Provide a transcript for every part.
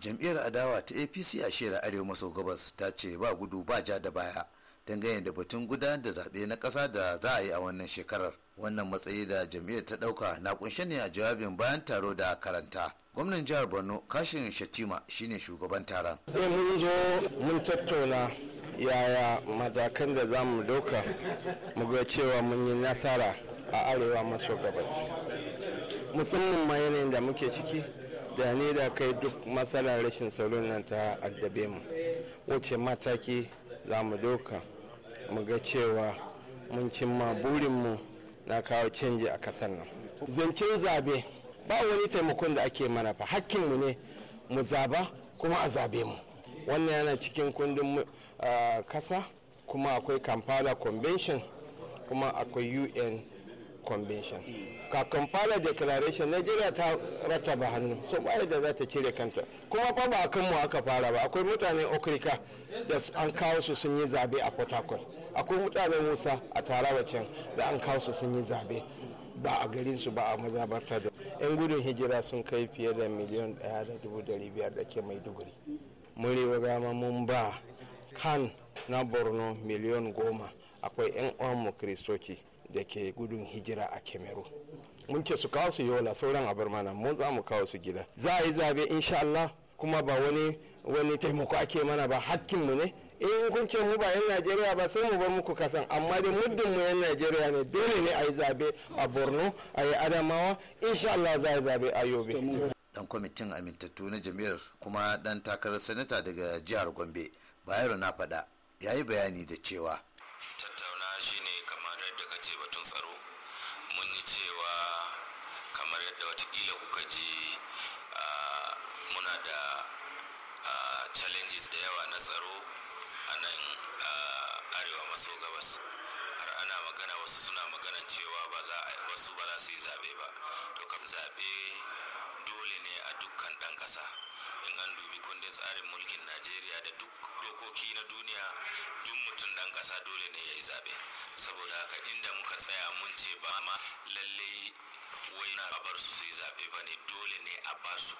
jam'iyyar adawa ta apc a shera arewa maso gabas ta ce ba gudu ba ja da baya dangane da batun gudanar da zaɓe na ƙasa da za a yi a wannan shekarar wannan matsayi da jam'iyyar ta ɗauka na kunshe ne a jawabin bayan taro da karanta gwamnan jihar borno kashin shatima shine shugaban taron eh, mun zo mun tattauna yaya matakan da za mu ɗauka mu ga cewa mun yi nasara a arewa maso gabas musamman ma yanayin da muke ciki da ne da kai duk matsalar rashin salo nan ta addabe mu wuce mataki za mu doka mu ga cewa mun cimma burinmu na kawo canji a kasar nan zancen zabe ba wani taimakon da ake mana fa mu ne mu zaba kuma a zabe mu wannan yana cikin kundin kasa ah, kuma akwai kampala convention kuma akwai un convention kakan fara declaration najeriya ta rata ba hannu so ba da za ta cire kanta kuma fa ba kanmu aka fara ba akwai mutane okrika da an kawo su sun yi zabe a port harcourt akwai mutanen musa a tarawa can da an kawo su sun yi zabe ba a garin su ba a mazabarta da yan gudun hijira sun kai fiye da miliyan daya da dubu dari biyar da ke maiduguri mun riga mun ba kan na borno miliyan goma akwai 'yan uwanmu kristoci da ke gudun hijira a cameroon mun ce su kawo su yola sauran a bar mana mun za mu kawo su gida za a yi zabe insha Allah kuma ba wani wani taimako ake mana ba hakkin mu ne in eh, kun ce mu ba 'yan najeriya ba sai mu bar muku kasan amma dai muddin mu 'yan najeriya ne dole ne a yi zabe a borno a yi adamawa insha za a yi zabe a yobe dan kwamitin amintattu na jami'ar kuma dan takarar sanata daga jihar gombe bayero na faɗa ya yi bayani da cewa tattauna shi ce batun tsaro mun yi cewa kamar yadda watakila kuka ji muna da challenges da yawa na tsaro a nan arewa maso gabas har ana magana wasu suna maganan cewa wasu ba za su yi zaɓe ba to kam zaɓe dole ne a dukkan ɗan ƙasa in an dubi kundin tsarin mulkin najeriya da duk dokoki na duniya duk mutum dan kasa dole ne ya yi zaɓe saboda haka inda muka tsaya mun ce ba ma lalle wai na bar su su yi zaɓe ba ne dole ne a ba su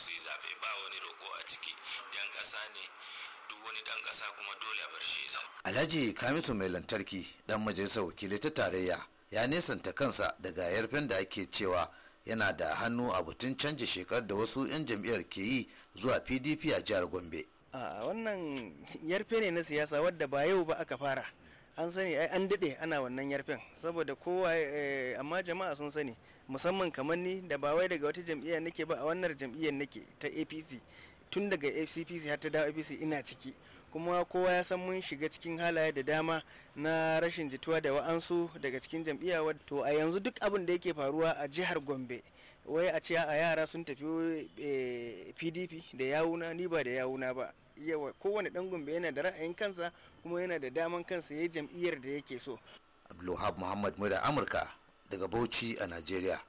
su yi zaɓe ba wani roko a ciki yan ƙasa ne duk wani dan ƙasa kuma dole a bar shi ya alhaji kamitu mai lantarki dan majalisar wakilai ta tarayya ya nesanta kansa daga yarfen da ake cewa yana da hannu a butun canja shekar da wasu 'yan jam'iyyar ke yi zuwa pdp a jihar gombe a wannan yarfe ne na siyasa wadda ba yau ba aka fara an sani ai an daɗe ana wannan yarfen saboda kowa eh, amma jama'a sun sani musamman kamar ni da ba wai daga wata jam'iyya nake ba a wannan jam'iyyar nake ta apc tun daga fcpc har ta dawo apc ina ciki kuma kowa ya san mun shiga cikin halaye da dama na rashin jituwa da wa'ansu daga cikin jam'iyya wato a yanzu duk abin da yake faruwa a jihar gombe wai a ce a yara sun tafi pdp eh, da yawuna ni ba da yawuna ba yawa kowane dan gombe yana da ra'ayin kansa kuma yana da daman kansa ya jam'iyyar da yake so abdulwahab muhammad muda amurka daga bauchi a najeriya